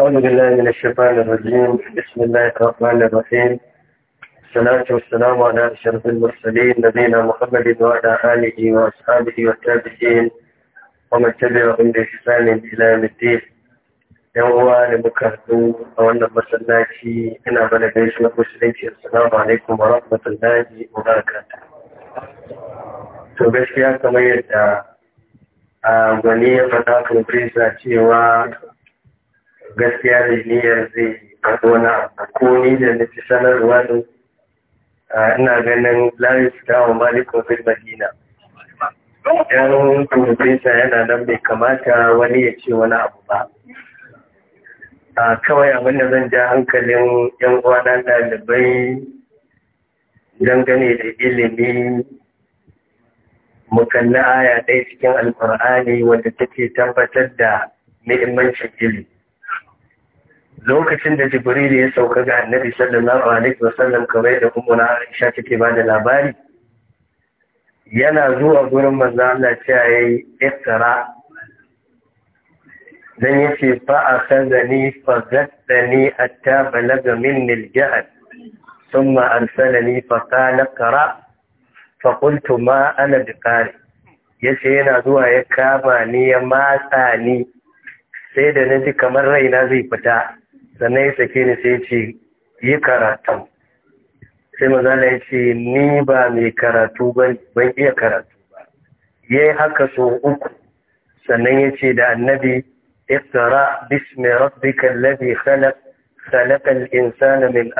أعوذ بالله من الشيطان الرجيم بسم الله الرحمن الرحيم الصلاة والسلام على أشرف المرسلين نبينا محمد وعلى آله وأصحابه والتابعين ومن تبعهم بإحسان إلى يوم الدين yan uwa da muka haɗu a wannan masallaci ina mana gaishe na musulunci assalamu alaikum wa rahmatullahi wa barakatuh to gaskiya kamar yadda a gwani ya faɗa kan cewa gaskiya da niyyar zai faɗo na ko ni da na fi sanarwa da ina ganin laris wa malikun fil madina yan kurfesa yana nan bai kamata wani ya ce wani abu ba a kawai abin da zan ja hankalin yan uwana ɗalibai dangane da ilimi mu aya ɗaya cikin alkur'ani wanda take tabbatar da muhimmancin ilimi lokacin da jibril ya sauka ga annabi sallallahu alaihi wasallam kamar da kuma na aisha take ba da labari yana zuwa gurin manzo Allah cewa yayi iktara dan yace fa akhadhani fa gaddani atta balaga minni al-jahl fa qala qara fa qultu ma ana biqari yace yana zuwa ya kama ni ya matsa ni sai da naji kamar raina zai fita da na yi ni sai ce yi karatu sai mazala ya ce ni ba mai karatu ban iya karatu ba ya haka so uku sannan ya ce da annabi iftara bismi rabbika alladhi khalaq khalaqa al-insana min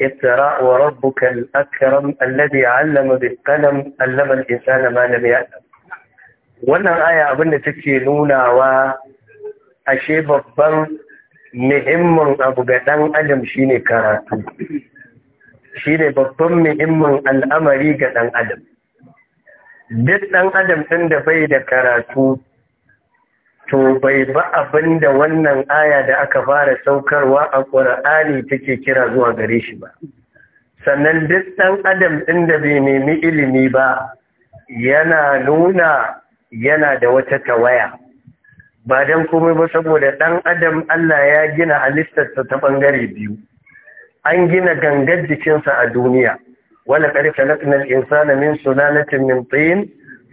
iftara wa rabbuka al-akram 'allama bil 'allama al-insana ma lam ya'lam wannan aya abinda take nunawa ashe babban muhimmin abu ga ɗan adam shine karatu shine babban muhimmin al'amari ga ɗan adam duk ɗan adam ɗin da bai da karatu to bai ba abin da wannan aya da aka fara saukarwa a ƙura'ani take kira zuwa gare shi ba sannan duk ɗan adam ɗin da bai nemi ilimi ba yana nuna yana da wata tawaya ba don komai ba saboda ɗan adam Allah ya gina halittarsa ta ɓangare biyu an gina gangar jikinsa a duniya wala qad khalaqna al-insana min sulalatin min sun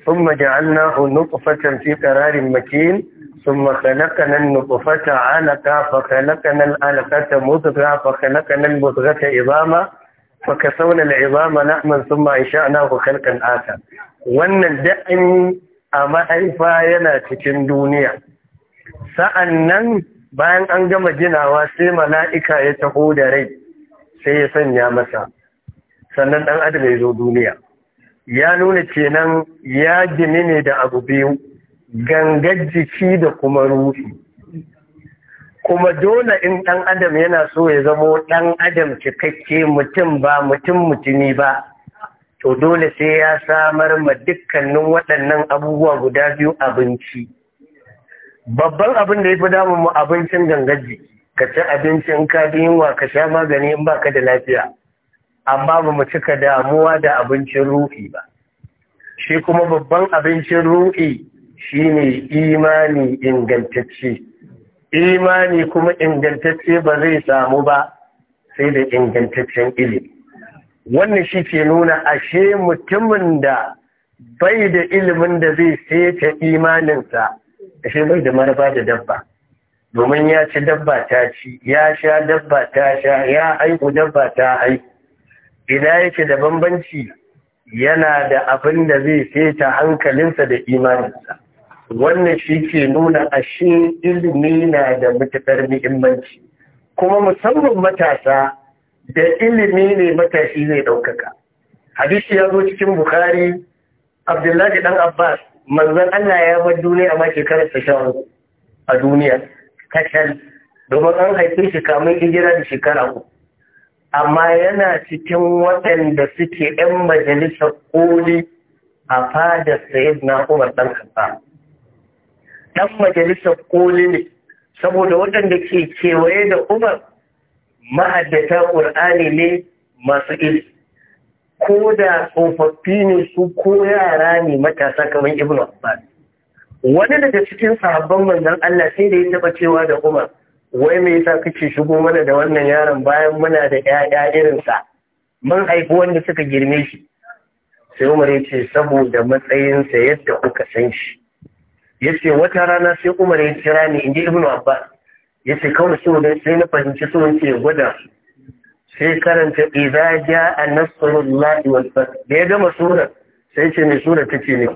thumma ja'alnahu nutfatan fi qararin makin ثم خلقنا النطفة علقة فخلقنا العلقة مضغة فخلقنا المضغة عظاما sun ma لحما ثم انشأناه خلقا آخر wannan da'in a mahaifa yana cikin duniya sa'an nan bayan an gama ginawa sai mala'ika ya taho da rai sai ya sanya masa sannan ɗan adam ya zo duniya ya nuna kenan ya gini ne da abu biyu gangar jiki da kuma ruhi kuma dole in ɗan adam yana so ya zamo ɗan adam cikakke mutum ba mutum mutumi ba to dole sai ya samar ma dukkanin waɗannan abubuwa guda biyu abinci. babban abin da ya fi damun mu abincin gangaji, ka ci abincin ka bi yunwa ka sha magani in baka da lafiya amma ba mu cika damuwa da abincin ruhi ba shi kuma babban abincin ruhi shine imani ingantacce imani kuma ingantacce ba zai samu ba sai da ingantaccen ilimi wannan shi ke nuna ashe mutumin da bai da ilimin da zai seta imaninsa ashe bai da maraba da dabba domin ya ci dabba ta ci ya sha dabba ta sha ya aiku dabba ta aiku ina yake da bambanci yana da abin da zai feta hankalinsa da imaninsa wannan shi ke nuna ashe ilimi na da matuƙar muhimmanci kuma musamman matasa da ilimi ne matashi zai ɗaukaka hadisi ya zo cikin bukari abdullahi dan abbas manzon Allah ya bar duniya ma shekarar ta sha a duniya can. domin an haife shi kamun hijira da shekara uku amma yana cikin waɗanda suke ‘yan majalisar koli a fadar sayid na umar ɗan kasa ɗan majalisar koli ne saboda waɗanda ke kewaye da umar ma'adata ƙur'ani ne masu ilimi ko da tsofaffi ne su ko yara ne matasa kamar ibn Abbas wani daga cikin sahabban manzon Allah sai da ya taba cewa da Umar wai me yasa kake shigo mana da wannan yaron bayan muna da ƴaƴa irin sa mun haifi wanda suka girme shi sai Umar ya ce saboda matsayin sa yadda kuka san shi yace wata rana sai Umar ya kira ni inji Ibn Abbas yace kawai so sai na fahimci so yace gwada sai karanta idza jaa nasrullahi wal fath da ya gama sura sai ce mai sura take ne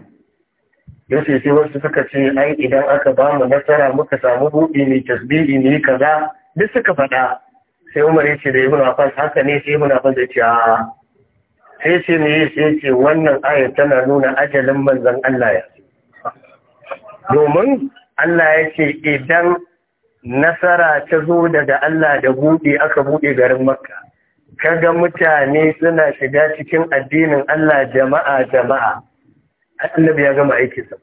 ce sai wasu suka ce ai idan aka ba mu nasara muka samu buɗi ne tasbihi ne kaza duk suka faɗa sai Umar ya ce da Ibn Abbas haka ne sai Ibn Abbas ya ce a sai ce ne sai ce wannan aya tana nuna ajalin manzon Allah ya domin Allah ya ce idan nasara ta zo daga Allah da buɗe aka buɗe garin Makka kaga mutane suna shiga cikin addinin Allah jama'a jama'a annabi ya gama sa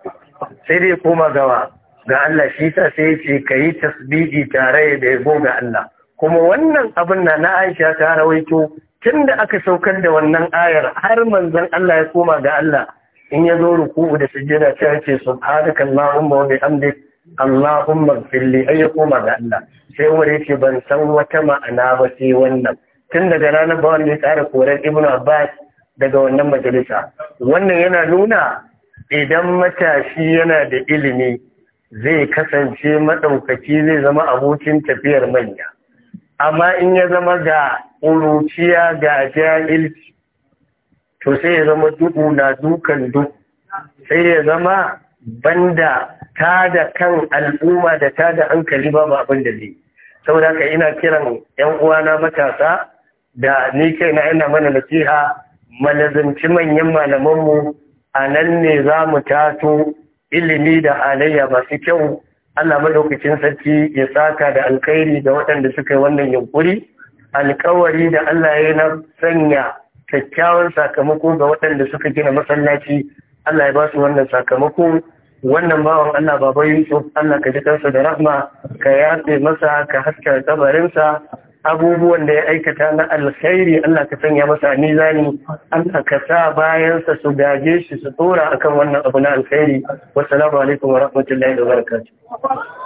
sai dai koma gawa ga Allah shi sa sai ce ka tasbihi tare da yabo ga Allah kuma wannan abin na na Aisha ta rawaito tunda aka saukar da wannan ayar har manzon Allah ya koma ga Allah in ya zo ruku'u da sujjada ta ce subhanaka wa bihamdik allahumma firli ay ya koma ga Allah sai umar yace ban san wata ma'ana ba sai wannan tun daga ranar bawan ne ya tsara korar ibnu abbas daga wannan majalisa wannan yana nuna idan matashi yana da ilimi zai kasance maɗaukaki zai zama abokin tafiyar manya amma in ya zama ga ƙuruciya ga jahilci to sai ya zama duk na dukan duk sai ya zama banda ta da kan al'umma da ta da hankali ba abin da zai saboda haka ina kiran 'yan uwana matasa da ni kai na ina mana nasiha malazanci manyan malamanmu a nan ne za mu tato ilimi da halayya masu kyau Allah madaukakin sarki ya saka da alkhairi da waɗanda suka yi wannan yunkuri alkawari da Allah ya na sanya kyakkyawan sakamako ga waɗanda suka gina masallaci Allah ya ba su wannan sakamako wannan bawan Allah baba Yusuf Allah ka ji kansa da rahma ka yafe masa ka haska kabarinsa abubuwan da ya aikata na alkhairi Allah ka sanya masa mizani Allah ka sa bayansa su gaje shi su tsora akan wannan abu na alkhairi wasu alaikum wa rahmatullahi wa barakatuh